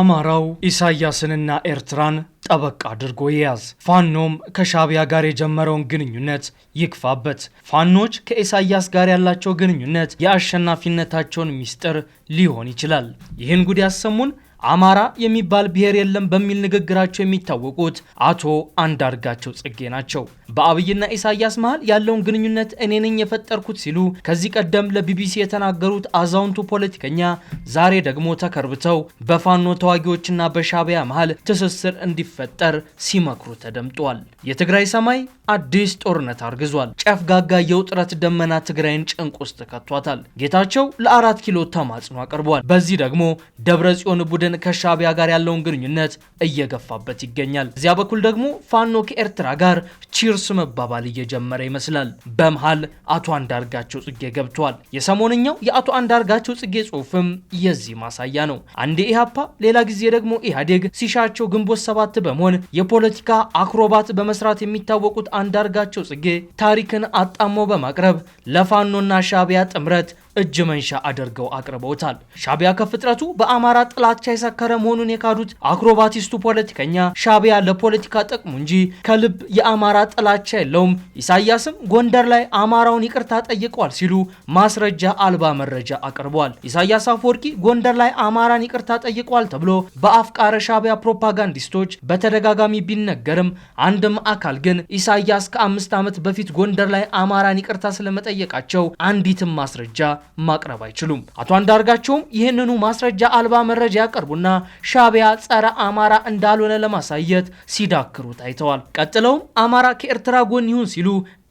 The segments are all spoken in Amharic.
አማራው ኢሳያስንና ኤርትራን ጠበቅ አድርጎ ይያዝ። ፋኖም ከሻቢያ ጋር የጀመረውን ግንኙነት ይግፋበት። ፋኖች ከኢሳያስ ጋር ያላቸው ግንኙነት የአሸናፊነታቸውን ሚስጥር ሊሆን ይችላል። ይህን ጉድ ያሰሙን አማራ የሚባል ብሔር የለም በሚል ንግግራቸው የሚታወቁት አቶ አንዳርጋቸው ጽጌ ናቸው። በአብይና ኢሳያስ መሀል ያለውን ግንኙነት እኔ ነኝ የፈጠርኩት ሲሉ ከዚህ ቀደም ለቢቢሲ የተናገሩት አዛውንቱ ፖለቲከኛ ዛሬ ደግሞ ተከርብተው በፋኖ ተዋጊዎችና በሻቢያ መሀል ትስስር እንዲፈጠር ሲመክሩ ተደምጧል። የትግራይ ሰማይ አዲስ ጦርነት አርግዟል። ጨፍጋጋ የውጥረት ደመና ትግራይን ጭንቅ ውስጥ ከቷታል። ጌታቸው ለአራት ኪሎ ተማጽኖ አቅርቧል። በዚህ ደግሞ ደብረ ጽዮን ቡድን ከሻቢያ ጋር ያለውን ግንኙነት እየገፋበት ይገኛል። እዚያ በኩል ደግሞ ፋኖ ከኤርትራ ጋር ቺር እርስ መባባል እየጀመረ ይመስላል። በመሃል አቶ አንዳርጋቸው ጽጌ ገብቷል። የሰሞንኛው የአቶ አንዳርጋቸው ጽጌ ጽሁፍም የዚህ ማሳያ ነው። አንዴ ኢህአፓ፣ ሌላ ጊዜ ደግሞ ኢህአዴግ ሲሻቸው ግንቦት ሰባት በመሆን የፖለቲካ አክሮባት በመስራት የሚታወቁት አንዳርጋቸው ጽጌ ታሪክን አጣሞ በማቅረብ ለፋኖና ሻቢያ ጥምረት እጅ መንሻ አድርገው አቅርበውታል። ሻቢያ ከፍጥረቱ በአማራ ጥላቻ የሰከረ መሆኑን የካዱት አክሮባቲስቱ ፖለቲከኛ ሻቢያ ለፖለቲካ ጥቅሙ እንጂ ከልብ የአማራ ጥላቻ የለውም፣ ኢሳያስም ጎንደር ላይ አማራውን ይቅርታ ጠይቋል ሲሉ ማስረጃ አልባ መረጃ አቅርበዋል። ኢሳያስ አፈወርቂ ጎንደር ላይ አማራን ይቅርታ ጠይቋል ተብሎ በአፍቃረ ሻቢያ ፕሮፓጋንዲስቶች በተደጋጋሚ ቢነገርም አንድም አካል ግን ኢሳያስ ከአምስት ዓመት በፊት ጎንደር ላይ አማራን ይቅርታ ስለመጠየቃቸው አንዲትም ማስረጃ ማቅረብ አይችሉም። አቶ አንዳርጋቸውም ይህንኑ ማስረጃ አልባ መረጃ ያቀርቡና ሻቢያ ጸረ አማራ እንዳልሆነ ለማሳየት ሲዳክሩ ታይተዋል። ቀጥለውም አማራ ከኤርትራ ጎን ይሁን ሲሉ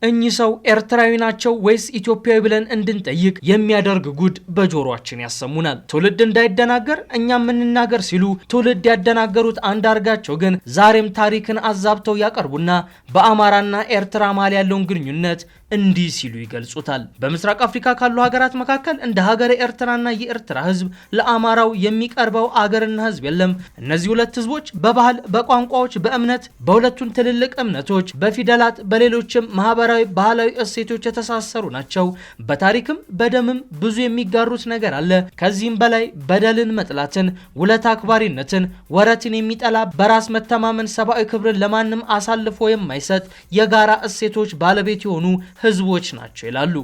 እኚህ ሰው ኤርትራዊ ናቸው ወይስ ኢትዮጵያዊ ብለን እንድንጠይቅ የሚያደርግ ጉድ በጆሮአችን ያሰሙናል። ትውልድ እንዳይደናገር እኛም የምንናገር ሲሉ ትውልድ ያደናገሩት አንዳርጋቸው ግን ዛሬም ታሪክን አዛብተው ያቀርቡና በአማራና ኤርትራ ማል ያለውን ግንኙነት እንዲህ ሲሉ ይገልጹታል። በምስራቅ አፍሪካ ካሉ ሀገራት መካከል እንደ ሀገር ኤርትራና የኤርትራ ሕዝብ ለአማራው የሚቀርበው አገርና ሕዝብ የለም። እነዚህ ሁለት ሕዝቦች በባህል፣ በቋንቋዎች፣ በእምነት፣ በሁለቱም ትልልቅ እምነቶች፣ በፊደላት፣ በሌሎችም ማህበራ ማህበራዊ፣ ባህላዊ እሴቶች የተሳሰሩ ናቸው። በታሪክም በደምም ብዙ የሚጋሩት ነገር አለ። ከዚህም በላይ በደልን መጥላትን፣ ውለት አክባሪነትን፣ ወረትን የሚጠላ በራስ መተማመን፣ ሰብአዊ ክብርን ለማንም አሳልፎ የማይሰጥ የጋራ እሴቶች ባለቤት የሆኑ ህዝቦች ናቸው ይላሉ።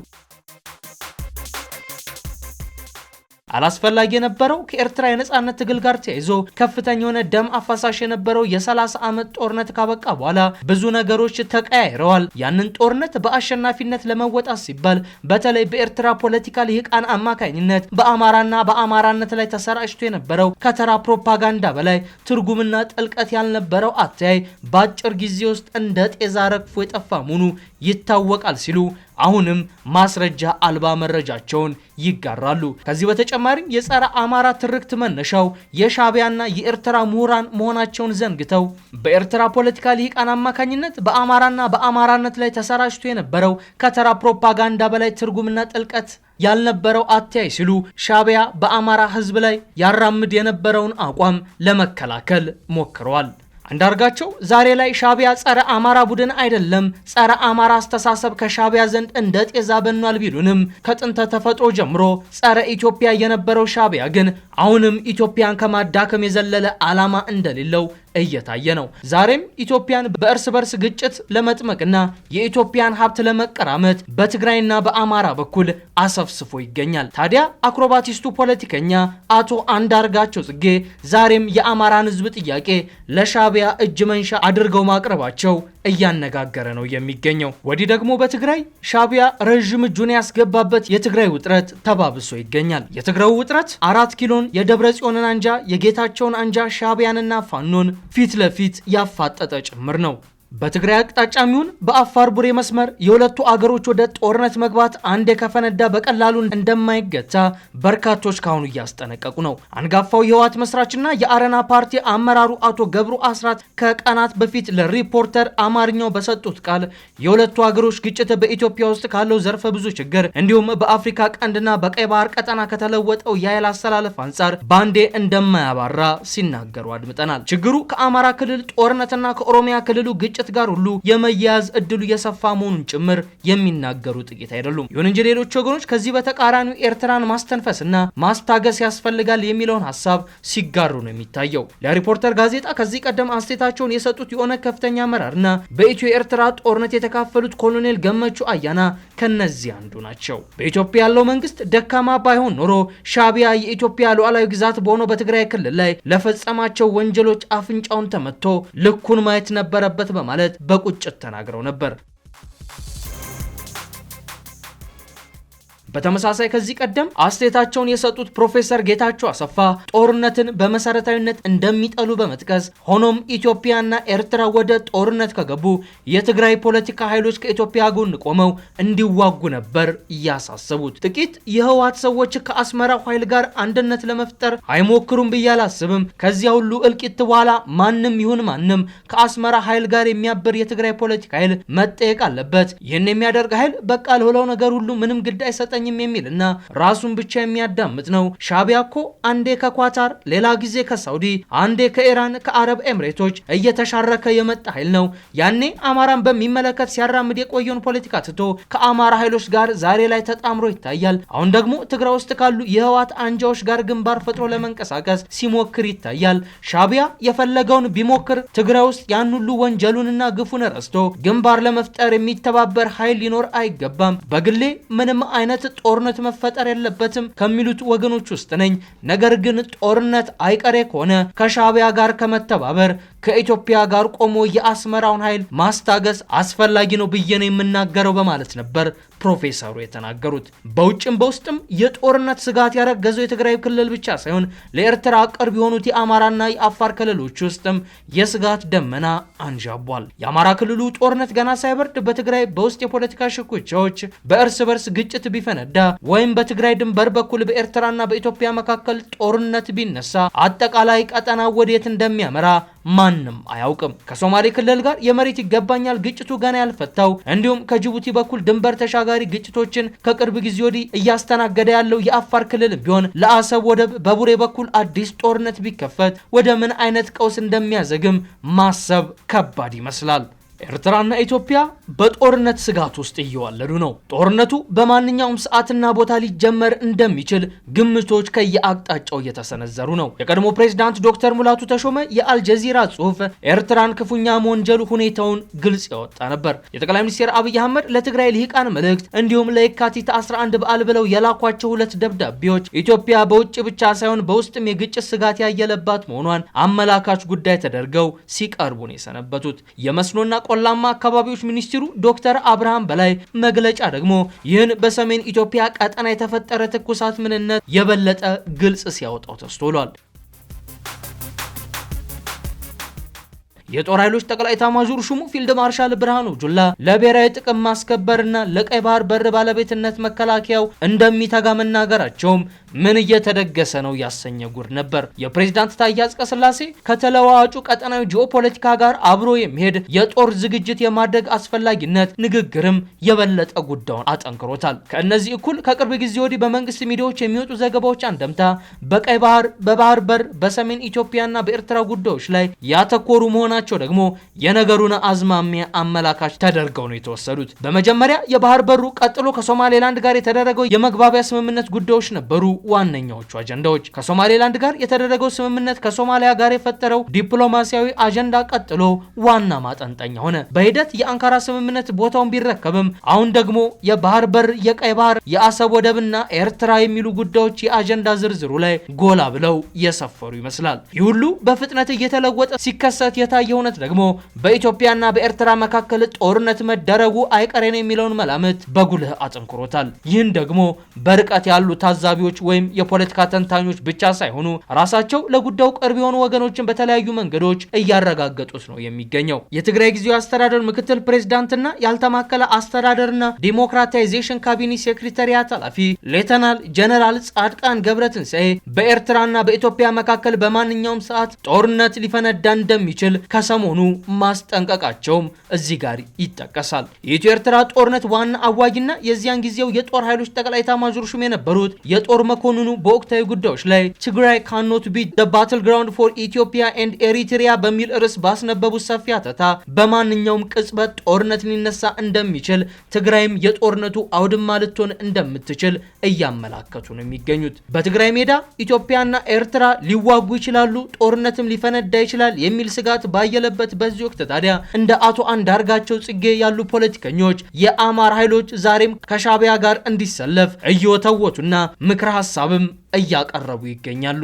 አላስፈላጊ የነበረው ከኤርትራ የነጻነት ትግል ጋር ተያይዞ ከፍተኛ የሆነ ደም አፋሳሽ የነበረው የ30 ዓመት ጦርነት ካበቃ በኋላ ብዙ ነገሮች ተቀያይረዋል። ያንን ጦርነት በአሸናፊነት ለመወጣት ሲባል በተለይ በኤርትራ ፖለቲካ ልሂቃን አማካኝነት በአማራና በአማራነት ላይ ተሰራጭቶ የነበረው ከተራ ፕሮፓጋንዳ በላይ ትርጉምና ጥልቀት ያልነበረው አተያይ በአጭር ጊዜ ውስጥ እንደ ጤዛ ረግፎ የጠፋ መሆኑ ይታወቃል ሲሉ አሁንም ማስረጃ አልባ መረጃቸውን ይጋራሉ። ከዚህ በተጨማሪም የጸረ አማራ ትርክት መነሻው የሻቢያና የኤርትራ ምሁራን መሆናቸውን ዘንግተው በኤርትራ ፖለቲካ ሊቃን አማካኝነት በአማራና በአማራነት ላይ ተሰራጭቶ የነበረው ከተራ ፕሮፓጋንዳ በላይ ትርጉምና ጥልቀት ያልነበረው አተያይ ሲሉ ሻቢያ በአማራ ሕዝብ ላይ ያራምድ የነበረውን አቋም ለመከላከል ሞክረዋል። አንዳርጋቸው ዛሬ ላይ ሻቢያ ጸረ አማራ ቡድን አይደለም፣ ጸረ አማራ አስተሳሰብ ከሻቢያ ዘንድ እንደ ጤዛ በኗል ቢሉንም ከጥንተ ተፈጥሮ ጀምሮ ጸረ ኢትዮጵያ የነበረው ሻቢያ ግን አሁንም ኢትዮጵያን ከማዳከም የዘለለ ዓላማ እንደሌለው እየታየ ነው። ዛሬም ኢትዮጵያን በእርስ በርስ ግጭት ለመጥመቅና የኢትዮጵያን ሀብት ለመቀራመት በትግራይና በአማራ በኩል አሰፍስፎ ይገኛል። ታዲያ አክሮባቲስቱ ፖለቲከኛ አቶ አንዳርጋቸው ጽጌ ዛሬም የአማራን ሕዝብ ጥያቄ ለሻቢያ እጅ መንሻ አድርገው ማቅረባቸው እያነጋገረ ነው የሚገኘው። ወዲህ ደግሞ በትግራይ ሻቢያ ረዥም እጁን ያስገባበት የትግራይ ውጥረት ተባብሶ ይገኛል። የትግራዩ ውጥረት አራት ኪሎን፣ የደብረ ጽዮንን አንጃ፣ የጌታቸውን አንጃ ሻቢያንና ፋኖን ፊት ለፊት ያፋጠጠ ጭምር ነው። በትግራይ አቅጣጫ የሚሆን በአፋር ቡሬ መስመር የሁለቱ አገሮች ወደ ጦርነት መግባት አንዴ ከፈነዳ በቀላሉ እንደማይገታ በርካቶች ካሁኑ እያስጠነቀቁ ነው። አንጋፋው የህወሓት መስራችና የአረና ፓርቲ አመራሩ አቶ ገብሩ አስራት ከቀናት በፊት ለሪፖርተር አማርኛው በሰጡት ቃል የሁለቱ አገሮች ግጭት በኢትዮጵያ ውስጥ ካለው ዘርፈ ብዙ ችግር እንዲሁም በአፍሪካ ቀንድና በቀይ ባህር ቀጠና ከተለወጠው የኃይል አሰላለፍ አንጻር ባንዴ እንደማያባራ ሲናገሩ አድምጠናል። ችግሩ ከአማራ ክልል ጦርነትና ከኦሮሚያ ክልሉ ግጭት ግጭት ጋር ሁሉ የመያያዝ እድሉ የሰፋ መሆኑን ጭምር የሚናገሩ ጥቂት አይደሉም። ይሁን እንጂ ሌሎች ወገኖች ከዚህ በተቃራኒው ኤርትራን ማስተንፈስና ማስታገስ ያስፈልጋል የሚለውን ሀሳብ ሲጋሩ ነው የሚታየው። ለሪፖርተር ጋዜጣ ከዚህ ቀደም አስተያየታቸውን የሰጡት የሆነ ከፍተኛ አመራርና በኢትዮ ኤርትራ ጦርነት የተካፈሉት ኮሎኔል ገመቹ አያና ከነዚህ አንዱ ናቸው። በኢትዮጵያ ያለው መንግስት ደካማ ባይሆን ኖሮ ሻቢያ የኢትዮጵያ ሉዓላዊ ግዛት በሆነው በትግራይ ክልል ላይ ለፈጸማቸው ወንጀሎች አፍንጫውን ተመትቶ ልኩን ማየት ነበረበት በማለት በማለት በቁጭት ተናግረው ነበር። በተመሳሳይ ከዚህ ቀደም አስተያየታቸውን የሰጡት ፕሮፌሰር ጌታቸው አሰፋ ጦርነትን በመሰረታዊነት እንደሚጠሉ በመጥቀስ ሆኖም ኢትዮጵያና ኤርትራ ወደ ጦርነት ከገቡ የትግራይ ፖለቲካ ኃይሎች ከኢትዮጵያ ጎን ቆመው እንዲዋጉ ነበር እያሳሰቡት። ጥቂት የህወሓት ሰዎች ከአስመራው ኃይል ጋር አንድነት ለመፍጠር አይሞክሩም ብዬ አላስብም። ከዚያ ሁሉ እልቂት በኋላ ማንም ይሁን ማንም ከአስመራ ኃይል ጋር የሚያብር የትግራይ ፖለቲካ ኃይል መጠየቅ አለበት። ይህን የሚያደርግ ኃይል በቃ ለሆነው ነገር ሁሉ ምንም ግድ አይሰጠኝ አልሰማኝም የሚል እና ራሱን ብቻ የሚያዳምጥ ነው። ሻቢያ እኮ አንዴ ከኳታር ሌላ ጊዜ ከሳውዲ አንዴ ከኢራን ከአረብ ኤምሬቶች እየተሻረከ የመጣ ኃይል ነው። ያኔ አማራን በሚመለከት ሲያራምድ የቆየውን ፖለቲካ ትቶ ከአማራ ኃይሎች ጋር ዛሬ ላይ ተጣምሮ ይታያል። አሁን ደግሞ ትግራይ ውስጥ ካሉ የህወሓት አንጃዎች ጋር ግንባር ፈጥሮ ለመንቀሳቀስ ሲሞክር ይታያል። ሻቢያ የፈለገውን ቢሞክር ትግራይ ውስጥ ያን ሁሉ ወንጀሉንና ግፉን ረስቶ ግንባር ለመፍጠር የሚተባበር ኃይል ሊኖር አይገባም። በግሌ ምንም አይነት ጦርነት መፈጠር የለበትም ከሚሉት ወገኖች ውስጥ ነኝ። ነገር ግን ጦርነት አይቀሬ ከሆነ ከሻቢያ ጋር ከመተባበር ከኢትዮጵያ ጋር ቆሞ የአስመራውን ኃይል ማስታገስ አስፈላጊ ነው ብዬ ነው የምናገረው በማለት ነበር ፕሮፌሰሩ የተናገሩት። በውጭም በውስጥም የጦርነት ስጋት ያረገዘው የትግራይ ክልል ብቻ ሳይሆን ለኤርትራ ቅርብ የሆኑት የአማራና የአፋር ክልሎች ውስጥም የስጋት ደመና አንዣቧል። የአማራ ክልሉ ጦርነት ገና ሳይበርድ በትግራይ በውስጥ የፖለቲካ ሽኩቻዎች በእርስ በርስ ግጭት ቢፈነዳ ወይም በትግራይ ድንበር በኩል በኤርትራና በኢትዮጵያ መካከል ጦርነት ቢነሳ አጠቃላይ ቀጠና ወዴት እንደሚያመራ ማን ማንም አያውቅም። ከሶማሌ ክልል ጋር የመሬት ይገባኛል ግጭቱ ገና ያልፈታው እንዲሁም ከጅቡቲ በኩል ድንበር ተሻጋሪ ግጭቶችን ከቅርብ ጊዜ ወዲህ እያስተናገደ ያለው የአፋር ክልል ቢሆን ለአሰብ ወደብ በቡሬ በኩል አዲስ ጦርነት ቢከፈት ወደ ምን አይነት ቀውስ እንደሚያዘግም ማሰብ ከባድ ይመስላል። ኤርትራና ኢትዮጵያ በጦርነት ስጋት ውስጥ እየዋለዱ ነው። ጦርነቱ በማንኛውም ሰዓትና ቦታ ሊጀመር እንደሚችል ግምቶች ከየአቅጣጫው እየተሰነዘሩ ነው። የቀድሞ ፕሬዚዳንት ዶክተር ሙላቱ ተሾመ የአልጀዚራ ጽሑፍ ኤርትራን ክፉኛ መወንጀሉ ሁኔታውን ግልጽ ያወጣ ነበር። የጠቅላይ ሚኒስትር አብይ አህመድ ለትግራይ ልሂቃን መልእክት እንዲሁም ለየካቲት 11 በዓል ብለው የላኳቸው ሁለት ደብዳቤዎች ኢትዮጵያ በውጭ ብቻ ሳይሆን በውስጥም የግጭት ስጋት ያየለባት መሆኗን አመላካች ጉዳይ ተደርገው ሲቀርቡ ነው የሰነበቱት። የመስኖና ቆላማ አካባቢዎች ሚኒስትሩ ዶክተር አብርሃም በላይ መግለጫ ደግሞ ይህን በሰሜን ኢትዮጵያ ቀጠና የተፈጠረ ትኩሳት ምንነት የበለጠ ግልጽ ሲያወጣው ተስተውሏል። የጦር ኃይሎች ጠቅላይ ኤታማዦር ሹሙ ፊልድ ማርሻል ብርሃኑ ጁላ ለብሔራዊ ጥቅም ማስከበርና ለቀይ ባህር በር ባለቤትነት መከላከያው እንደሚተጋ መናገራቸውም ምን እየተደገሰ ነው ያሰኘ ጉድ ነበር። የፕሬዝዳንት ታዬ አጽቀሥላሴ ከተለዋዋጩ ቀጠናዊ ጂኦፖለቲካ ጋር አብሮ የሚሄድ የጦር ዝግጅት የማድረግ አስፈላጊነት ንግግርም የበለጠ ጉዳዩን አጠንክሮታል። ከእነዚህ እኩል ከቅርብ ጊዜ ወዲህ በመንግስት ሚዲያዎች የሚወጡ ዘገባዎች አንደምታ በቀይ ባህር፣ በባህር በር፣ በሰሜን ኢትዮጵያና በኤርትራ ጉዳዮች ላይ ያተኮሩ መሆናቸው መሆናቸው ደግሞ የነገሩን አዝማሚያ አመላካች ተደርገው ነው የተወሰዱት። በመጀመሪያ የባህር በሩ፣ ቀጥሎ ከሶማሌላንድ ጋር የተደረገው የመግባቢያ ስምምነት ጉዳዮች ነበሩ ዋነኛዎቹ አጀንዳዎች። ከሶማሌላንድ ጋር የተደረገው ስምምነት ከሶማሊያ ጋር የፈጠረው ዲፕሎማሲያዊ አጀንዳ ቀጥሎ ዋና ማጠንጠኛ ሆነ። በሂደት የአንካራ ስምምነት ቦታውን ቢረከብም አሁን ደግሞ የባህር በር፣ የቀይ ባህር፣ የአሰብ ወደብና ኤርትራ የሚሉ ጉዳዮች የአጀንዳ ዝርዝሩ ላይ ጎላ ብለው የሰፈሩ ይመስላል። ይህ ሁሉ በፍጥነት እየተለወጠ ሲከሰት የታየ እውነት ደግሞ በኢትዮጵያና በኤርትራ መካከል ጦርነት መደረጉ አይቀሬን የሚለውን መላምት በጉልህ አጠንክሮታል። ይህን ደግሞ በርቀት ያሉ ታዛቢዎች ወይም የፖለቲካ ተንታኞች ብቻ ሳይሆኑ ራሳቸው ለጉዳዩ ቅርብ የሆኑ ወገኖችን በተለያዩ መንገዶች እያረጋገጡት ነው የሚገኘው። የትግራይ ጊዜያዊ አስተዳደር ምክትል ፕሬዝዳንትና ያልተማከለ አስተዳደርና ዲሞክራታይዜሽን ካቢኔ ሴክሬታሪያት ኃላፊ ሌተናል ጀነራል ጻድቃን ገብረትንሳኤ በኤርትራና በኢትዮጵያ መካከል በማንኛውም ሰዓት ጦርነት ሊፈነዳ እንደሚችል ከ ከሰሞኑ ማስጠንቀቃቸውም እዚህ ጋር ይጠቀሳል። የኢትዮ ኤርትራ ጦርነት ዋና አዋጊና የዚያን ጊዜው የጦር ኃይሎች ጠቅላይ ኤታማዦር ሹም የነበሩት የጦር መኮንኑ በወቅታዊ ጉዳዮች ላይ ትግራይ ካኖት ቢ ደ ባትል ግራውንድ ፎር ኢትዮጵያ ኤንድ ኤሪትሪያ በሚል ርዕስ ባስነበቡት ሰፊ አተታ በማንኛውም ቅጽበት ጦርነት ሊነሳ እንደሚችል ትግራይም የጦርነቱ አውድማ ልትሆን እንደምትችል እያመላከቱ ነው የሚገኙት። በትግራይ ሜዳ ኢትዮጵያና ኤርትራ ሊዋጉ ይችላሉ፣ ጦርነትም ሊፈነዳ ይችላል የሚል ስጋት ባየ በታየለበት በዚህ ወቅት ታዲያ እንደ አቶ አንዳርጋቸው ጽጌ ያሉ ፖለቲከኞች የአማራ ኃይሎች ዛሬም ከሻቢያ ጋር እንዲሰለፍ እየወተወቱና ምክረ ሀሳብም እያቀረቡ ይገኛሉ።